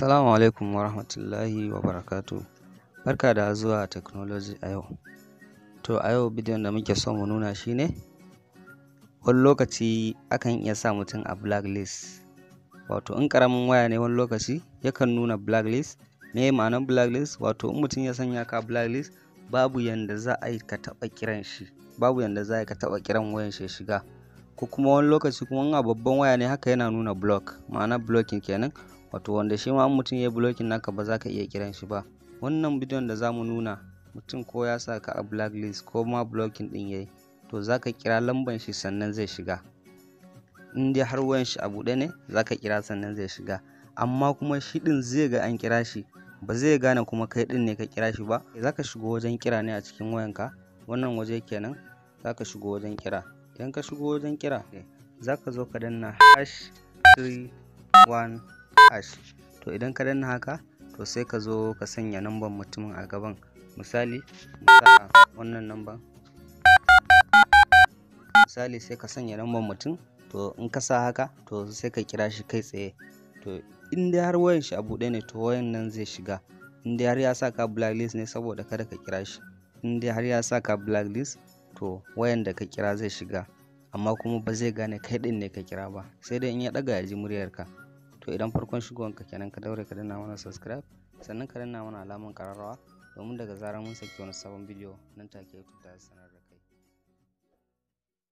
Assalamu alaikum wa rahmatullahi barakatu. Barka da zuwa Technology a yau. To a yau bidiyon da muke so mu nuna shi ne, wani lokaci akan iya sa mutum a blacklist. Wato in ƙaramin waya ne wani lokaci yakan nuna blacklist. Me ma'anar blacklist? Wato in mutum ya sanya ka blacklist babu yanda za a yi ka taɓa kiran shi, babu yanda za a yi ka taɓa kiran wayan shi shiga. Ko kuma wani lokaci kuma in a babban waya ne haka yana nuna block, ma'ana blocking kenan. wato wanda shi ma mutum ya blocking naka ba za ka iya kiran shi ba wannan bidiyon da zamu nuna mutum ko ya sa ka a blacklist ko ma blocking din yayi to za ka kira lamban shi sannan zai shiga in dai har wayan shi a buɗe ne za ka kira sannan zai shiga amma kuma shi din zai ga an kira shi ba zai gane kuma kai din ne ka kira shi ba za ka shigo wajen kira ne a cikin wayanka wannan waje kenan za ka shigo wajen kira idan ka shigo wajen kira za ka zo ka danna hash 3 1 hash to idan ka danna haka to sai ka zo ka sanya namban mutumin a gaban misali wannan namban misali sai ka sanya namban mutum to in ka sa haka to sai ka kira shi kai tsaye to in dai har wayan shi a bude ne to wayan nan zai shiga in dai har ya sa ka blacklist ne saboda kada ka kira shi in dai har ya sa ka blacklist to wayan da ka kira zai shiga amma kuma ba zai gane kai din ne ka kira ba sai dai in ya daga ya ji muryarka to idan farkon ka kenan ka daure ka danna mana subscribe sannan ka danna mana alaman kararrawa domin daga zarar mun saki wani sabon bidiyo nan take youtube ta sanar da kai